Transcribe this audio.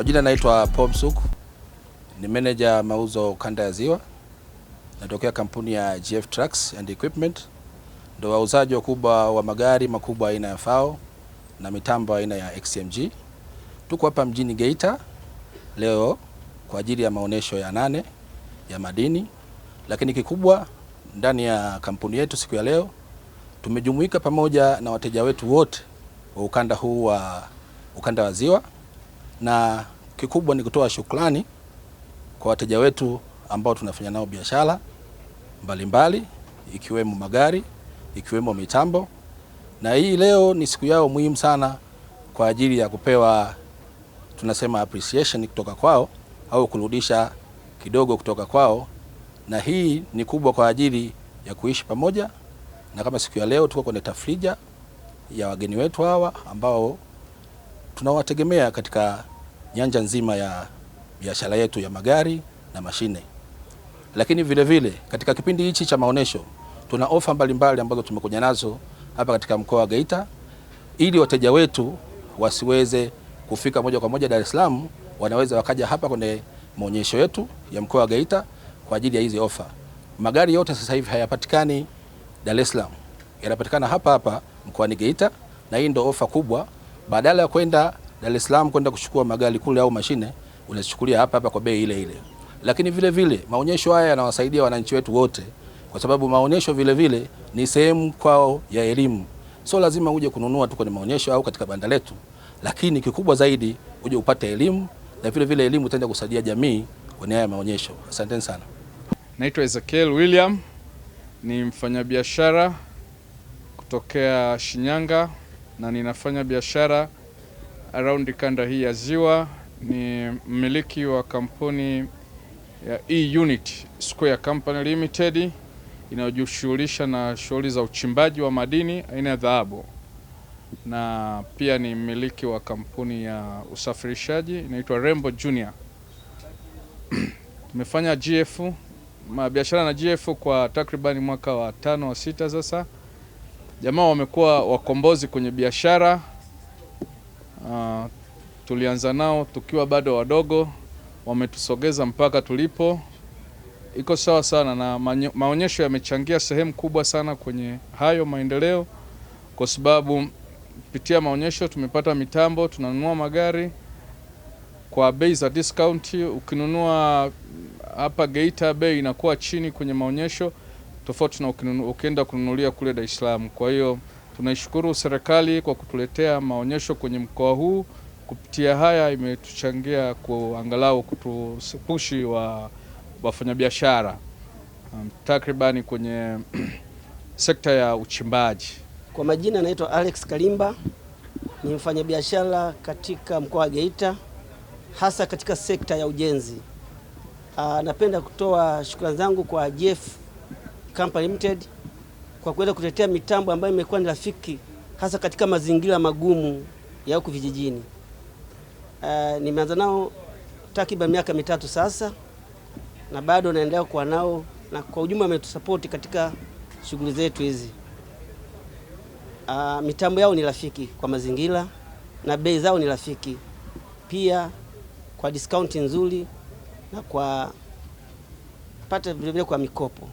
Kwa jina naitwa Paul Msuku, ni meneja mauzo kanda ya Ziwa, natokea kampuni ya GF Trucks and Equipment, ndio wauzaji wakubwa wa magari makubwa aina ya FAO na mitambo aina ya xmg Tuko hapa mjini Geita leo kwa ajili ya maonesho ya nane ya madini, lakini kikubwa ndani ya kampuni yetu siku ya leo tumejumuika pamoja na wateja wetu wote wa ukanda huu wa ukanda wa Ziwa na kikubwa ni kutoa shukrani kwa wateja wetu ambao tunafanya nao biashara mbalimbali ikiwemo magari, ikiwemo mitambo, na hii leo ni siku yao muhimu sana kwa ajili ya kupewa tunasema appreciation kutoka kwao au kurudisha kidogo kutoka kwao, na hii ni kubwa kwa ajili ya kuishi pamoja. Na kama siku ya leo tuko kwenye tafrija ya wageni wetu hawa ambao tunawategemea katika nyanja nzima ya biashara yetu ya magari na mashine. Lakini vile vile katika kipindi hichi cha maonesho tuna ofa mbalimbali ambazo tumekuja nazo hapa katika mkoa wa Geita ili wateja wetu wasiweze kufika moja kwa moja Dar es Salaam, wanaweza wakaja hapa kwenye maonyesho yetu ya mkoa wa Geita kwa ajili ya hizi ofa. Magari yote sasa hivi hayapatikani Dar es Salaam, yanapatikana hapa hapa mkoani Geita, na hii ndio ofa kubwa. Badala ya kwenda Dar es Salaam kwenda kuchukua magari kule au mashine, unazichukulia hapa hapa kwa bei ile ile. Lakini vile vile maonyesho haya yanawasaidia wananchi wetu wote, kwa sababu maonyesho vile vile ni sehemu kwao ya elimu, sio lazima uje kununua tu kwenye maonyesho au katika banda letu, lakini kikubwa zaidi uje upate elimu, na vile vile elimu itaenda kusaidia jamii kwenye haya maonyesho. Asante sana. Naitwa Ezekiel William, ni mfanyabiashara kutokea Shinyanga na ninafanya biashara around kanda hii ya Ziwa. Ni mmiliki wa kampuni ya E-Unit Square Company Limited inayojishughulisha na shughuli za uchimbaji wa madini aina ya dhahabu na pia ni mmiliki wa kampuni ya usafirishaji inaitwa Rembo Junior. Tumefanya GF biashara na GF kwa takribani mwaka wa tano wa sita sasa. Jamaa wamekuwa wakombozi kwenye biashara. Uh, tulianza nao tukiwa bado wadogo, wametusogeza mpaka tulipo. Iko sawa sana na maonyesho yamechangia sehemu kubwa sana kwenye hayo maendeleo, kwa sababu kupitia maonyesho tumepata mitambo, tunanunua magari kwa bei za discount. Ukinunua hapa Geita bei inakuwa chini kwenye maonyesho, tofauti na ukienda kununulia kule Dar es Salaam. Kwa hiyo Tunaishukuru serikali kwa kutuletea maonyesho kwenye mkoa huu. Kupitia haya imetuchangia kuangalau kutupushi wa wafanyabiashara um, takribani kwenye sekta ya uchimbaji. Kwa majina anaitwa Alex Kalimba, ni mfanyabiashara katika mkoa wa Geita, hasa katika sekta ya ujenzi. Aa, ah, napenda kutoa shukrani zangu kwa Jeff Company Limited kwa kuweza kutetea mitambo ambayo imekuwa ni rafiki hasa katika mazingira magumu ya huku vijijini. Uh, nimeanza nao takriban miaka mitatu sasa na bado naendelea kuwa nao na kwa ujumla wametusapoti katika shughuli zetu hizi. Uh, mitambo yao ni rafiki kwa mazingira na bei zao ni rafiki pia kwa discount nzuri na kwa pata vilevile kwa mikopo.